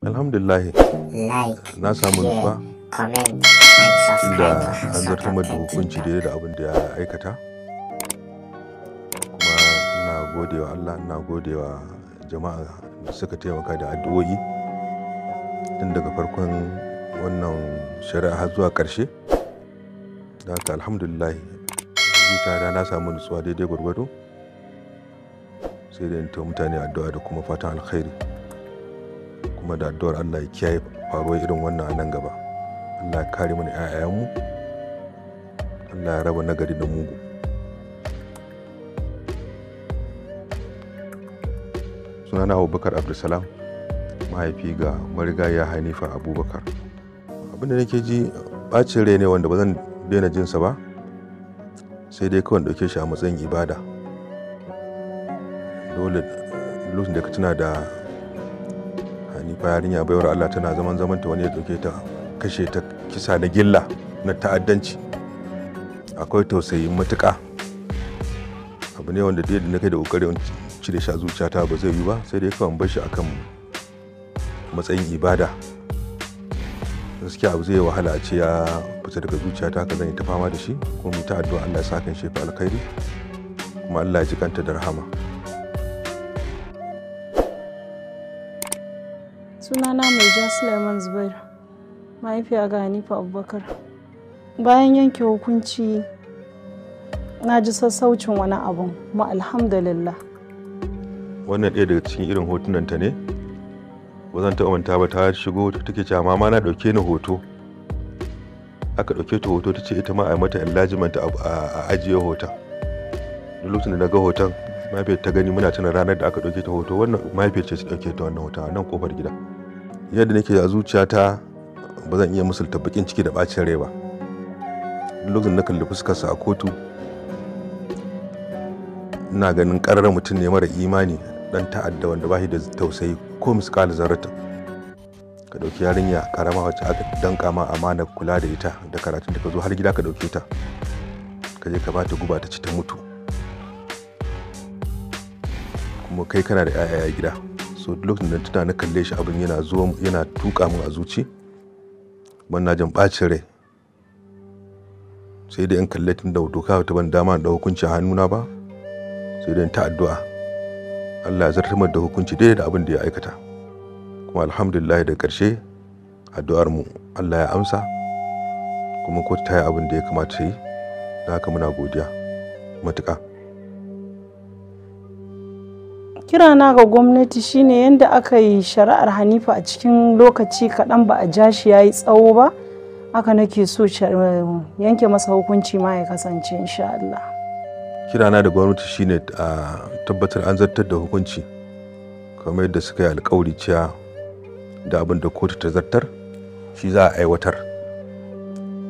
Alhamdulillah. Like, na samu nutsuwa. Inda an zartar da hukunci daidai da abin da ya aikata. Kuma ina godewa Allah, ina godewa jama'a da suka taimaka da addu'o'i. Tun daga farkon wannan shari'a har zuwa ƙarshe. Da haka alhamdulillah zuciya na samu nutsuwa daidai gwargwado. Sai da in ta mutane addu'a da kuma fatan alkhairi. kuma da addu'ar Allah ya kiyaye faruwar irin wannan a nan gaba Allah ya kare mana yayanmu Allah ya raba nagari da mugu sunana abubakar abdulsalam mahaifi ga marigaya hanifa abubakar abinda nake ji bacin rai ne wanda ba zan daina jinsa ba sai dai kawai ɗauke shi a matsayin ibada dole lokacin da ka tuna da yarinya baiwar Allah tana zaman zaman ta wani ya dauke ta kashe ta kisa na gilla na ta'addanci akwai tausayi matuƙa abu ne wanda da na kai da ƙoƙarin cire shi a zuciyata ba zai yi ba sai dai kawai bar shi akan matsayin ibada gaskiya abu zai wahala a ce ya fita daga zuciyata ta zan yi ta fama da shi kuma mu ta addu'a Allah ya sa kan shi alkhairi kuma Allah ya ji kanta da rahama sunana mai ja suleiman zubair mahaifiya ga hanifa abubakar bayan yanke hukunci na ji sassaucin wani abu ma alhamdulillah wannan ɗaya daga cikin irin hotunan ta ne ba zan taɓa manta ba ta shigo ta take cewa mama na ɗauke ni hoto aka ɗauke ta hoto ta ce ita ma a mata enlargement a ajiye hoton duk lokacin da na ga hoton mahaifiyar ta gani muna tuna ranar da aka ɗauke ta hoto wannan mahaifiyar ce ta ɗauke ta wannan hoton nan kofar gida yadda nake a zuciyata ba zan iya musulta bakin ciki da bacin rai ba lokacin na kalli fuskarsa a kotu ina ganin ƙararren mutum ne mara imani dan ta'adda wanda ba shi da tausayi ko miskal zarata ka ɗauki yarinya karama wacce aka danka ma amana kula da ita da karatun da ka zo har gida ka ɗauke ta ka je ka bata guba ta ci ta mutu kuma kai kana da 'ya'ya gida so lokacin da tuna na kalle shi abin yana zuwa yana tuka min a zuci ban na jin bacin rai sai dai yan kalle tun da doka ta ban dama da hukunci a hannuna ba sai dai ta addu'a Allah ya zartar da hukunci daidai da abin da ya aikata kuma alhamdulillah da karshe addu'ar mu Allah ya amsa kuma ko ta yi abin da ya kamata yi da haka muna godiya matuƙa kirana ga gwamnati shine yadda aka yi shari'ar hanifa a cikin lokaci kaɗan ba a ja shi ya yi tsawo ba na nake so eh, yanke masa hukunci ma ya kasance insha Allah. kirana da gwamnati shine a tabbatar an zartar da hukunci kamar yadda suka yi alkawari cewa da abin da kotu ta zartar shi za a aiwatar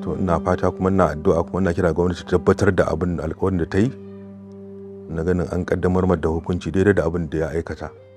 to ina fata kuma ina addu'a kuma ina kira gwamnati ta tabbatar da abin alkawarin da ta yi na ganin an kaddamar da hukunci daidai da abin da ya aikata